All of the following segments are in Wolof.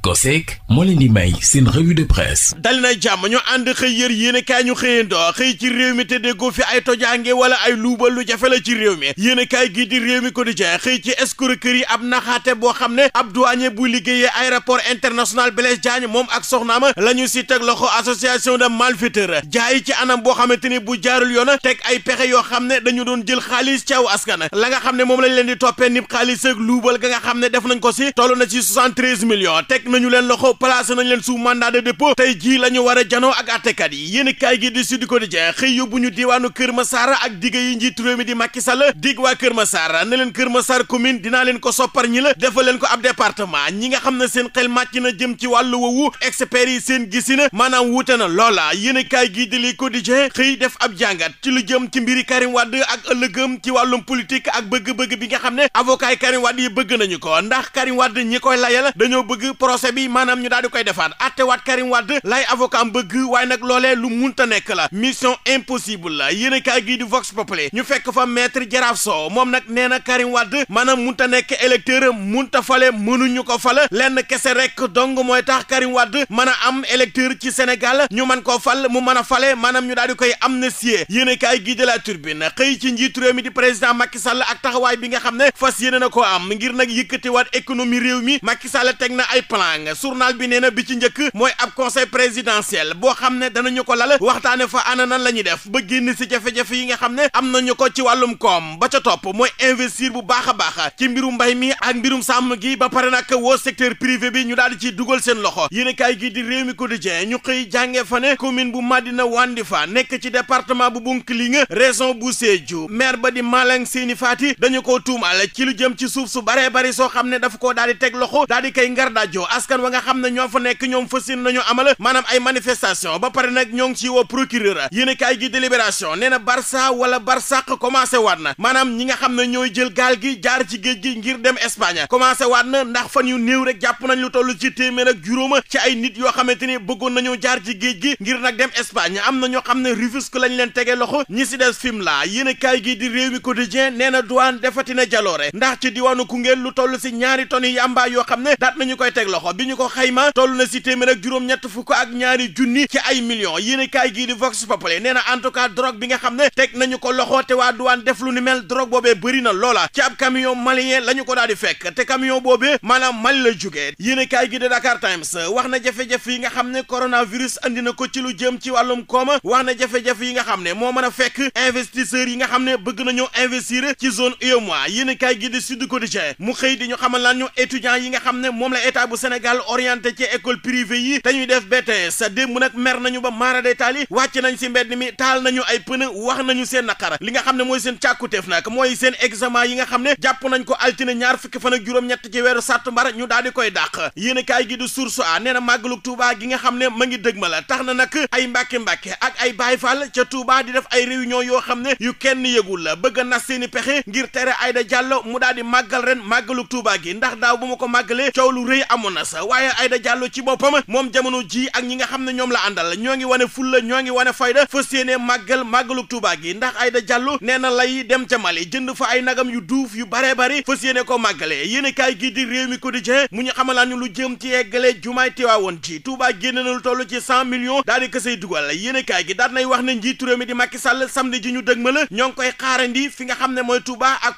COSEC moo leen di may seen revue de presse dali na jàmm ñu ànd xëy yër kaa ñu xëyandoo xëy ci réew mi te déggoo fi ay tojaange wala ay luubal lu jafe la ci réew mi yéenekaay gi di réew mi quotidien xëy ci escroquerie ab naxaate boo xam ne ab douanier buy liggéeyee aéroport international Blaise Diagne moom ak soxnaama la ñu si teg loxo association de malfaiteurs jaay ci anam boo xamante ni bu jaarul yoon teg ay pexe yoo xam ne dañu doon jël xaalis ci aw askan la nga xam ne moom lañ leen di toppee nib xaalis ak luubal ga nga xam ne def nañ ko si toll na ci 73 millions teg nañu leen loxo placé nañ leen sous mandat de dépôt tey jii la ñu war a janoo ak àttekat yi yéen kaay gi di Sud Quotidien xëy yóbbu ñu diwaanu Kër Massar ak digg yi njiitu réew mi di Macky Sall dig waa Kër Massar ne leen Kër Massar commune dinaa leen ko soppar ñi la defal leen ko ab département ñi nga xam ne seen xel màcc na jëm ci wàllu woowu expert yi seen gisina maanaam wuute na loola yéen kaay gi di Le Quotidien xëy def ab jàngat ci lu jëm ci mbiri Karim Wade ak ëllëgëm ci wàllum politique ak bëgg-bëgg bi nga xam ne avocat yi Karim Wade yi bëgg nañu ko ndax Karim Wade ñi koy layal dañoo bëgg procès bi maanaam ñu daal di koy defaat attewaat Karim Wade lay avocat am bëgg waaye nag loolee lu munta nekk la mission impossible la yéen a kaay gii di Vox Populi ñu fekk fa maître Jaraaf Sow moom nag nee na Karim Wade maanaam munta nekk électeur munta fale mënuñu ko fale lenn kese rek dong mooy tax Karim Wade mën a am électeur ci Sénégal ñu mën koo fal mu mën a fale maanaam ñu daal di koy am na a kaay gii de la Tribune xëy ci njiitu mi di président Macky Sall ak taxawaay bi nga xam ne fas yéene na koo am ngir nag yëkkatiwaat économie réew mi Macky Sall teg na ay plan Bang journal bi nee na bi ci njëkk mooy ab conseil présidentiel boo xam ne danañu ko lal waxtaane fa ana na la ñuy def ba génn si jafe-jafe yi nga xam ne am nañu ko ci wàllum koom ba ca topp mooy investir bu baax a baax ci mbirum mbay mi ak mbirum sàmm gi ba pare nag woo secteur privé bi ñu daal di ciy dugal seen loxo yéen kaay gi di réew mi quotidien ñu xëy jàngee fa ne commune bu Madina Wandifa nekk ci département bu Bounkiling région bu Sédhiou maire ba di Malang Seyni Fati dañu ko tuumal ci lu jëm ci suuf su baree bari soo xam ne dafa koo daal di teg loxo daal di koy ngar askan wa nga xam ne ñoo fa nekk ñoom fas yéene nañu amal maanaam ay manifestation ba pare nag ñoo ngi ci woo procureur yéenekaay gi délibération nee na Barça wala Barsaq commencé waat na maanaam ñi nga xam ne ñooy jël gaal gi jaar ci géej gi ngir dem Espagne commencé waat na ndax fan yu néew rek jàpp nañ lu toll ci téeméer ak juróoma ci ay nit yoo xamante ni bëggoon nañoo jaar ci géej gi ngir nag dem Espagne am na ñoo xam ne Rufisque lañ leen tege loxo ñi si des film la yéenekaay gi di réew mi quotidien nee na douane defati na jaloore ndax ci diwaanu Koungheul lu toll si ñaari tonnes yamba yoo xam ne daat nañu koy teg loxo bi ñu ko xayma toll na si téeméer ak juróom-ñett fukk ak ñaari junni ci ay millions yéen kaay gii di Vox Populi nee na en tout cas drogue bi nga xam ne teg nañu ko loxo te waa duwaan def lu ni mel drogue boobee bëri na loola ci ab camion malien la ñu ko daal di fekk te camion boobee maanaam Mali la jógee yéen kaay gii di Dakar Times wax na jafe-jafe yi nga xam ne coronavirus andi na ko ci lu jëm ci wàllum kooma wax na jafe-jafe yi nga xam ne moo mën a fekk investisseurs yi nga xam ne bëgg nañoo investir ci zone UEMOA yéen kaay gii di Sud Quotidien mu ñu xamal lan ñu étudiants yi nga xam moom la état bu Sénégal orienté ci école privée yi te ñuy def sa démb nag mer nañu ba maara day taal yi wàcc nañ si mbedd mi taal nañu ay pneu wax nañu seen naqara li nga xam ne mooy seen càkkuteef nag mooy seen examen yi nga xam ne jàpp nañ ko altine ñaar fukki fan ak juróom-ñett ci weeru sàttumbar ñu daal di koy dàq yéen kaay gi du source a nee na màggalug Touba gi nga xam ne ma ngi dëgma la tax na nag ay mbàkke-mbàkke ak ay Baay Faal ca Touba di def ay réunion yoo xam ne yu kenn yëgul la bëgg nas seeni pexe ngir tere Aïda Diallo mu daal di màggal ren màggalug Touba gi ndax daaw bu ma ko màggalee coow lu rëy amoon na pas-pas waaye Aïda Diallo ci boppam moom jamono ji ak ñi nga xam ne ñoom la àndal ñoo ngi wane fulla ñoo ngi wane fayda fas yéene màggal màggalu Tuubaa gi ndax Aïda Diallo nee na lay dem ca Mali jënd fa ay nagam yu duuf yu baree bari fas yéene ko màggale yéene kaay gi di réew mi quotidien mu ñu xamalaan ñu lu jëm ci yeggale jumaay Tiwaawoon ji Tuubaa génne na lu toll ci cent millions daal di kësay dugal yéene kaay gi daal nay wax na njiitu réew mi di Macky Sall samedi ji ñu dëgmal ñoo ngi koy xaarandi fi nga xam ne mooy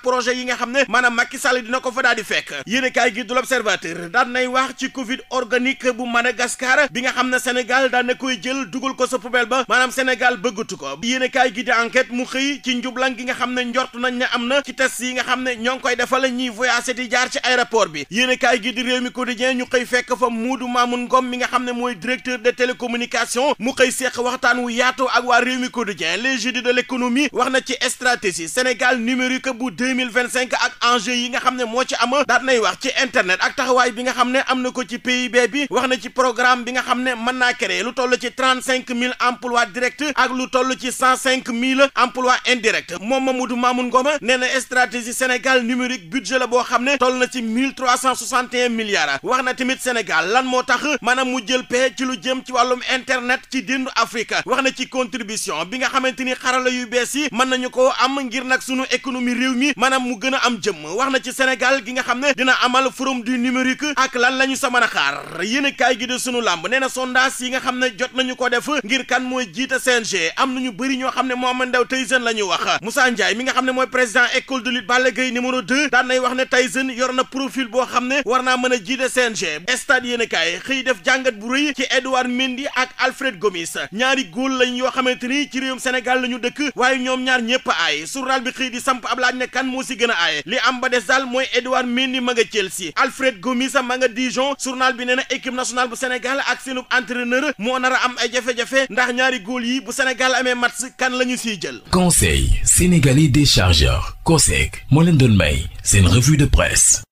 projet yi nga xam ne maanaam Macky Sall dina ko fa daal di fekk yéene kaay gi du l'observateur daal nay wax ci covid organique bu Madagascar bi nga xam ne Sénégal daan na koy jël dugal ko sa poubelle ba maanaam Sénégal bëggatu ko yéen a kaay gi di enquête mu xëy ci njublan gi nga xam ne njort nañ ne am na ci test yi nga xam ne ñoo ngi koy defal ñuy voyagé di jaar ci aéroport bi yéen a kaay gi di réew mi quotidien ñu xëy fekk fa Modou Mamoun Ngom mi nga xam ne mooy directeur de télécommunication mu xëy seeq waxtaan wu yaatu ak waa réew mi quotidien les jeudis de l'économie wax na ci stratégie Sénégal numérique bu 2025 ak enjeu yi nga xam ne moo ci am daat nay wax ci internet ak taxawaay bi nga xam ne am na ko ci PIB bi wax na ci programme bi nga xam ne mën naa créer lu toll ci trente cinq mille emplois directs ak lu toll ci cent cinq mille emplois indirects moom Mamadou Mamoun Ngoma nee na stratégie Sénégal numérique budget la boo xam ne toll na ci mille cent soixante et un milliards wax na tamit Sénégal lan moo tax maanaam mu jël paie ci lu jëm ci wàllum internet ci dindu Afrique wax na ci contribution bi nga xamante ni xarala yu bees yi mën nañu ko am ngir nag sunu économie réew mi maanaam mu gën a am jëm wax na ci Sénégal gi nga xam ne dina amal forum du ak lan lañu nañu sa mën a xaar yéenekaay gi de sunu làmb nee na yi nga xam ne jot nañu ko def ngir kan mooy jiite CNG am nañu bëri ñoo xam ne Mohamed Ndao Tyson la ñu wax Moussa Ndiaye mi nga xam ne mooy président école de lutte Balla Gaye numéro 2 daan wax ne Tyson yor na profil boo xam ne war naa mën a jiite CNG stade yéenekaay xëy def jàngat bu rëy ci Edouard Mendy ak Alfred Gomis ñaari góol lañ yoo xamante ni ci réewum Sénégal la ñu dëkk waaye ñoom ñaar ñëpp aay journal bi xëy moo si gën a aay li am ma nga Chelsea Alfred Gomis Libération journal bi nee na équipe nationale bu Sénégal ak seenub entraîneur moo nara am ay jafe-jafe ndax ñaari góol yi bu Sénégal amee match kan la ñu siy jël. Conseil sénégalais des chargeurs COSEC moo leen doon may seen revue de presse.